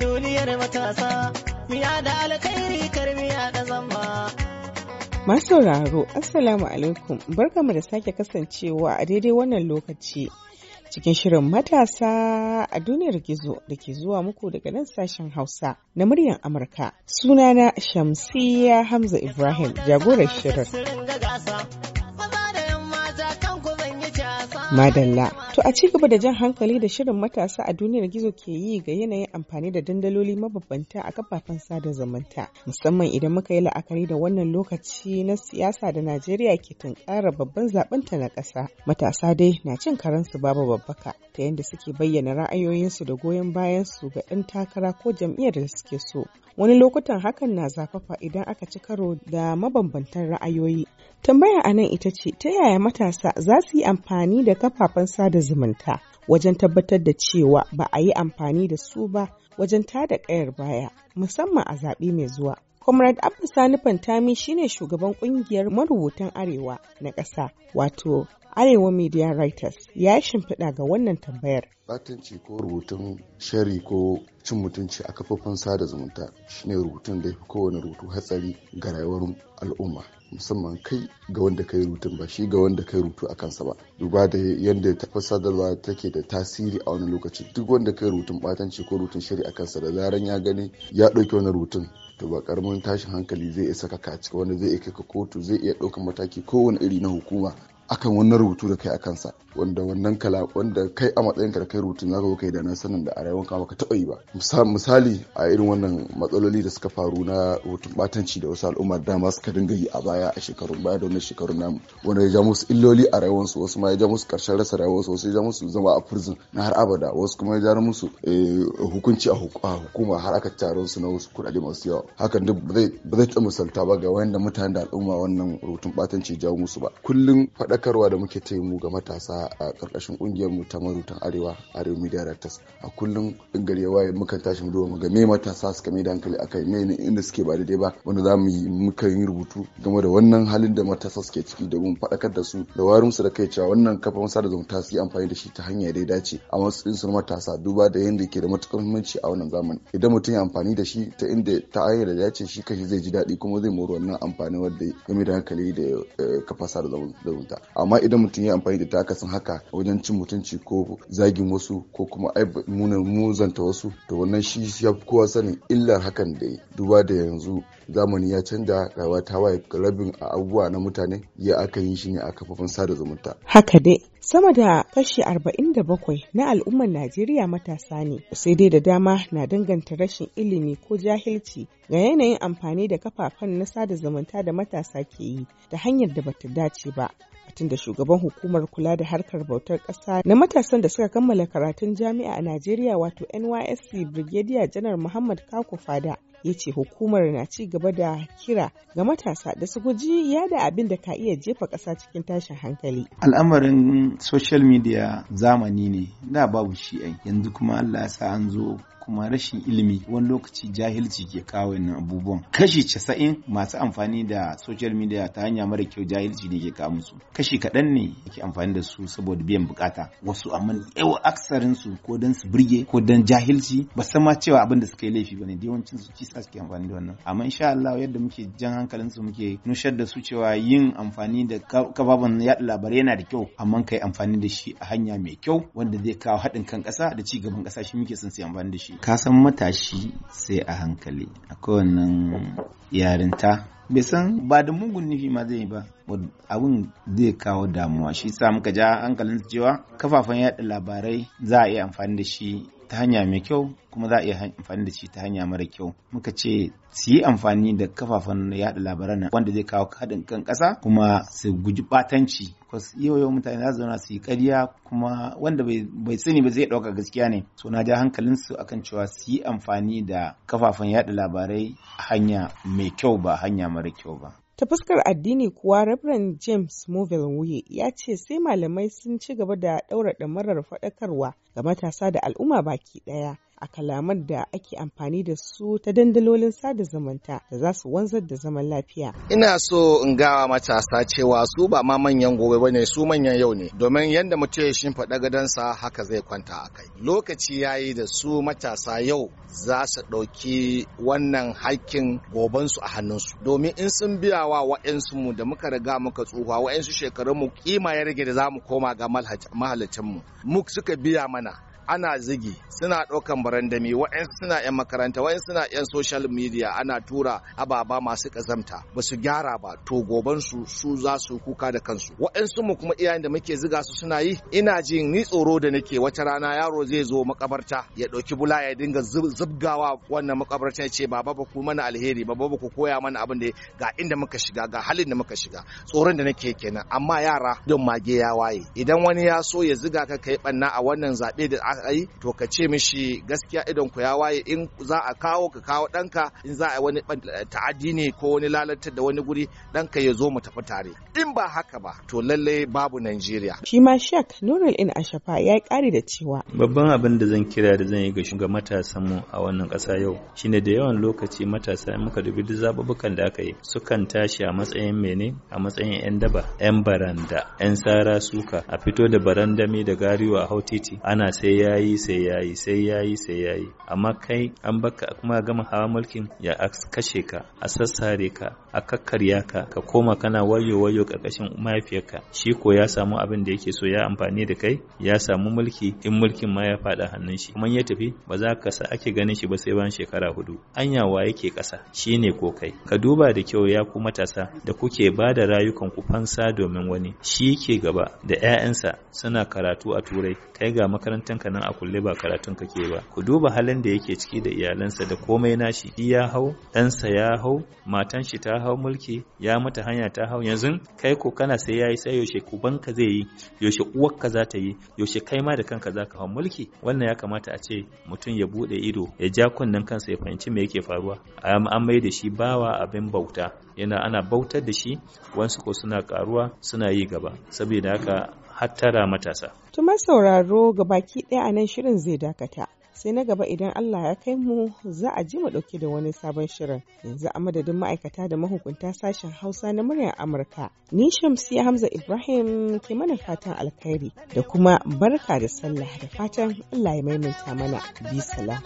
duniyar matasa miya da alkhairi miya da zamba Masu sauraro, Assalamu alaikum, barkamu da sake kasancewa a daidai wannan lokaci cikin shirin matasa a duniyar gizo da ke zuwa muku daga nan sashen Hausa na muryar Amurka. Sunana Shamsiyya Hamza Ibrahim, jagorar shirin. Madalla. To a ci gaba da jan hankali da shirin matasa a duniyar gizo ke yi ga yanayin amfani da dandaloli mabambanta a kafafen sada zumunta musamman idan muka yi la'akari da wannan lokaci na siyasa da Najeriya ke tunkara babban zaben ta na ƙasa. Matasa dai na cin karansu babu babbaka ta yadda suke bayyana ra'ayoyinsu da goyon bayan su ga ɗan takara ko jam'iyyar da suke so. Wani lokutan hakan na zafafa idan aka ci karo da mabambantan ra'ayoyi. Tambaya anan ita ce ta yaya matasa za su yi amfani da kafafen sada zumunta wajen tabbatar da cewa ba a yi amfani da su ba wajen tada kayar baya musamman a zaɓe mai zuwa. Comrade Abdul Sani Fantami shine shugaban kungiyar marubutan Arewa na ƙasa wato Arewa Media Writers ya yi shimfiɗa ga wannan tambayar. Batanci ko rubutun shari ko cin mutunci a kafofin sada zumunta shine rubutun da ya fi kowane rubutu hatsari ga rayuwar al'umma. musamman kai ga wanda kai rutun ba shi ga wanda kai rutu a kansa ba duba da yadda tafi sadarwa take da tasiri a wani lokaci duk wanda kai rutun batanci ko rutun shiri a kansa da zaran ya gani ya ɗauki wani rutun to ba karamin tashin hankali zai iya saka kaci wanda zai iya kai ka kotu zai iya ɗaukan mataki kowane iri na hukuma akan wannan rubutu da kai a kansa wanda wannan kala wanda kai a matsayin ka da kai rubutun zaka zo kai da nan sanin da a ka baka taɓa yi ba misali a irin wannan matsaloli da suka faru na rubutun batanci da wasu al'umma dama suka dinga yi a baya a shekarun baya da wannan shekarun namu wanda ya ja musu illoli a su wasu ma ya ja musu karshen rasa su wasu ya ja musu zama a prison na har abada wasu kuma ya ja musu eh, hukunci a hukuma har aka tare su na wasu kudade masu yawa hakan duk ba zai taɓa misalta ba ga wayan da mutanen da al'umma wannan rubutun batanci ya ja musu ba kullum faɗa faɗakarwa da muke taimu ga matasa a ƙarƙashin ƙungiyar mu ta marutan arewa arewa media directors a kullum gari ya waye mukan tashi mu duba ga me matasa suka mai da hankali akai me ne inda suke ba daidai ba wanda za mu yi mukan yi rubutu game da wannan halin da matasa suke ciki domin faɗakar da su da warin su da kai cewa wannan kafan sada zumunta su yi amfani da shi ta hanya da ya dace a matsayin su matasa duba da yadda ke da matuƙar muhimmanci a wannan zamani idan mutum ya amfani da shi ta inda ta hanyar da ya dace shi kashi zai ji daɗi kuma zai mori wannan amfani wanda game da hankali da eh, kafa sada zumunta amma idan mutum ya amfani da takasin haka wajen cin mutunci ko zagin wasu ko kuma munar muzanta wasu to wannan shi ya fi kowa sanin illar hakan da duba da yanzu zamani ya canja rayuwa ta waye rabin a abubuwa na mutane ya aka yi shi ne a kafafen sada zumunta haka dai sama da kashi 47 na al'ummar najeriya matasa ne sai dai da dama na danganta rashin ilimi ko jahilci ga yanayin amfani da kafafen na sada zumunta da matasa ke yi ta hanyar da bata dace ba kwamitin da shugaban hukumar kula da harkar bautar ƙasa na matasan da suka kammala karatun jami'a a Najeriya wato NYSC Brigadier Janar Muhammad Kako Fada ya ce hukumar na ci gaba da kira ga matasa da su guji yada abin da ka iya jefa ƙasa cikin tashin hankali. Al'amarin social media zamani ne da babu shi yanzu kuma Allah ya sa an zo kuma rashin ilimi wani lokaci jahilci ke kawo wannan abubuwan kashi casa'in masu amfani da social media ta hanya mara kyau jahilci ne ke kawo musu kashi kaɗan ne ke amfani da su saboda biyan bukata wasu amma yawa aksarin su ko dan su birge ko dan jahilci ba san ma cewa abin da suka yi laifi bane da yawancin su kisa suke amfani da wannan amma insha Allah yadda muke jan hankalin su muke nushar da su cewa yin amfani da kababan yaɗa labarai yana da kyau amma kai amfani da shi a hanya mai kyau wanda zai kawo haɗin kan ƙasa da ci gaban ƙasa shi muke son su amfani da shi ka san matashi sai a hankali a wannan yarinta bai san ba da mugun nufi ma zai ba abin zai kawo damuwa shi sa muka ja hankalin cewa kafafen yada labarai za a iya amfani da shi ta hanya mai kyau kuma za a iya amfani da shi ta hanya mara kyau muka ce su yi amfani da kafafen yada labaran wanda zai kawo haɗin kan ƙasa kuma su guji ɓatanci yau yau mutane za su zauna su yi ƙarya kuma wanda bai sani ba zai ɗauka gaskiya ne so na ja hankalinsu akan cewa su yi amfani da kafafen yada labarai hanya mai kyau ba hanya mara kyau ba Ta fuskar addini kuwa Reverend James Movil Wuye ya ce sai malamai sun ci gaba da ɗaura ɗamarar faɗakarwa ga matasa da al'umma baki ɗaya a kalaman da ake amfani da su ta dandalolin sada zumunta da za su wanzar da zaman lafiya. Ina so in ga matasa cewa su ba ma manyan gobe bane su manyan yau ne domin yadda mutum ya faɗa-gadon gadonsa haka zai kwanta a kai. Lokaci ya yi da su matasa yau za su ɗauki wannan hakkin gobansu a hannunsu domin in sun biya wa wa'yansu mu da muka riga muka tsufa wa'yansu shekarun mu kima ya rage da za mu koma ga mahalicinmu. Mu suka biya mana semana. ana zigi suna ɗaukan barandami wa'yansu suna 'yan makaranta wa'yansu suna 'yan social media ana tura ababa masu ƙazamta ba su gyara ba to goban su su za su kuka da kansu wa'yansu mu kuma iyayen da muke ziga su suna yi ina jin ni tsoro da nake wata rana yaro zai zo makabarta ya ɗauki bula ya dinga zubgawa wannan makabarta ya ce baba ba ku mana alheri baba ba ku koya mana abin da ga inda muka shiga ga halin da muka shiga tsoron da nake kenan amma yara don mage ya waye idan wani ya so ya ziga ka kai banna a wannan zaɓe da a to ka ce mishi gaskiya idan ku ya waye in za a kawo ka kawo danka in za a wani eh, ta'adi ne ko wani lalatar da wani guri danka ya zo mu tafi tare in ba haka ba to lalle babu Najeriya. Shi ma Shek Nurul In Ashafa ya yi ƙari da cewa. Babban abin da zan kira da zan yi ga mu a wannan ƙasa yau shine da yawan lokaci matasa in muka dubi duk zababukan da aka yi sukan tashi a matsayin mene a matsayin 'yan daba 'yan baranda 'yan sara suka a fito da barandami da gariwa a hau titi ana sai yayi sai yayi sai yayi sai yayi amma kai an baka kuma gama hawa mulkin ya kashe ka a sassare ka a kakkarya ka ka koma kana wayo wayo karkashin mahaifiyarka shi ko ya samu abin da yake so ya amfani da kai ya samu mulki in mulkin ma ya faɗa hannun shi kuma ya tafi ba za ka sa ake ganin shi ba sai bayan shekara hudu anya wa yake ƙasa shine ko kai ka duba da kyau ya ku matasa da kuke ba da rayukan ku fansa domin wani shi ke gaba da 'ya'yansa suna karatu a turai kai ga makarantanka nan a kulle ba karatun kake ba ku duba halin da yake ciki da iyalansa da komai nashi shi ya hau ɗansa ya hau matan shi ta hau mulki ya mata hanya ta hau yanzu kai ko kana sai yayi sai yaushe kubanka zai yi yaushe uwarka za ta yi yaushe kai ma da kanka za ka hau mulki wannan ya kamata a ce mutum ya bude ido ya ja kunnen kansa ya fahimci me yake faruwa an mai da shi bawa abin bauta yana ana bautar da shi wasu ko suna karuwa suna yi gaba saboda haka hattara matasa. Tuma sauraro ga baki ɗaya a nan shirin zai dakata. Sai na gaba idan Allah ya kai mu za a ji mu ɗauke da wani sabon shirin. Yanzu a madadin ma'aikata da mahukunta sashen Hausa na muryar Amurka. Ni Shamsiya Hamza Ibrahim ke mana fatan alkhairi da kuma barka da sallah da fatan Allah ya maimaita mana. Bi salam.